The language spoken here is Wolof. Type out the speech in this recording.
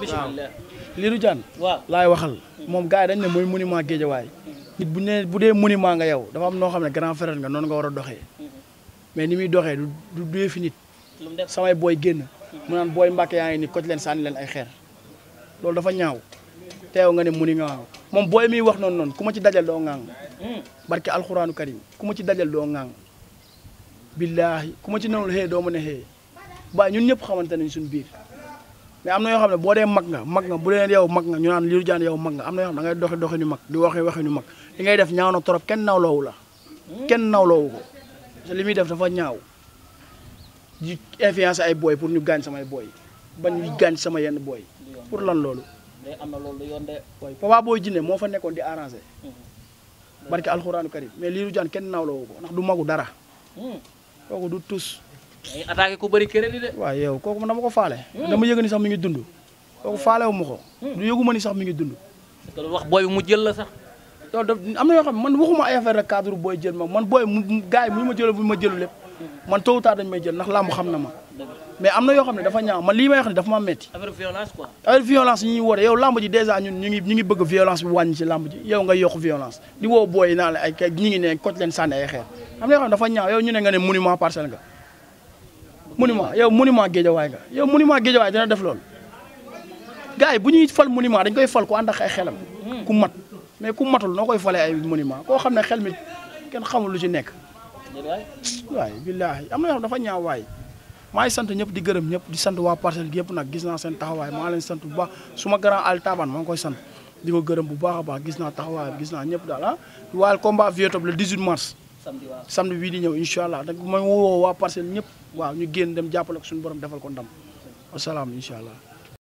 lii Lirou Diane waaw laay waxal moom gars yi dañ ne mooy monument Guédiawaye nit bu ne bu dee monument nga yow dafa am noo xam ne grand frère nga noonu nga war a doxe mais ni muy doxee du du dee fi nit samay booy génn mu naan booy Mbàkke yaa ngi ni koc leen sànni leen ay xer loolu dafa ñaaw teew nga ne monument moom booy miy wax noonu noon ku ma ci dajal doo ŋaang hmm. barke alxuraanu karim ku ma ci dajal doo ŋaang billaahi ku ma ci newul xëy doo mën a xëy waaye ñun ñëpp xamante ñu suñu biir mais am na yoo xam ne boo dee mag nga mag nga bu dee yow mag nga ñu naan Lirou Diane yow mag nga am na yoo xam ne da ngay doxi doxi ñu mag di waxe waxe ñu mag li ngay def ñaaw na trop kenn nawloowu la hmm? kenn nawloowu ko parce que li muy def dafa ñaaw di influence ay booy pour ñu gaañ samay booy ba ñu gaañ sama yenn booy pour lan loolu am na loolu yoon de waaye Papa Boy Djiné moo fa nekkoon di arrangé hmm. barke alxuraanu karim mais Lirou Diane kenn nawloowu ko ndax du magu dara hmm. kooku du tus dañuy eh, attaqué ku bëri crédit de. waaw yow kooku man dama ko faale. Hmm. dama yëg ni sax mi ngi dund. kooku faale wu ma ko. Hmm. du yëgu ma ni sax mi ngi dund. te wax booy bi mu jël la sax. loolu am na yoo xam ne man waxuma ay affaire rek cadre booy jël ma mu gars yi bu ñu ma jëloo bu ñu ma jëlu lépp hmm. man na ma mais am na ma metti affaire violence quoi affaire violence yi ji ngi ñu ngi bëgg violence bi yow nga yokk violence di woo booy naa la ay ngi ne koc leen sànni ay xeer am na yoo ne dafa ñaaw yow ñu ne nga ne monument parcelle nga monument yow monument géejawaay nga yow monument géejawaay dina def loolu gars yi bu ñuy fal monument dañ koy fal ko ànd ak ay xelam ku mat mais ku matul noo koy falee ay monument koo xam ne xel mi kenn xamul lu ci nekk waay billaahi am na xam dafa ñaaw waay maa ngi sant ñëpp di gërëm ñëpp di sant waa parcelle gi yëpp nag gis naa seen taxawaay maa leen sant bu baax su ma grand altaban maa ngi koy sant di ko gërëm bu baax a baax gis naa taxawaay gis naa ñëpp daal ah waaye combat Vieux Top le 18 mars samedi waaw samedi bii di ñëw incha allah nag mooy woo waa parcelle ñëpp waaw ñu génn dem jàppale ko suñu borom defal ko ndam wasalaam incha allah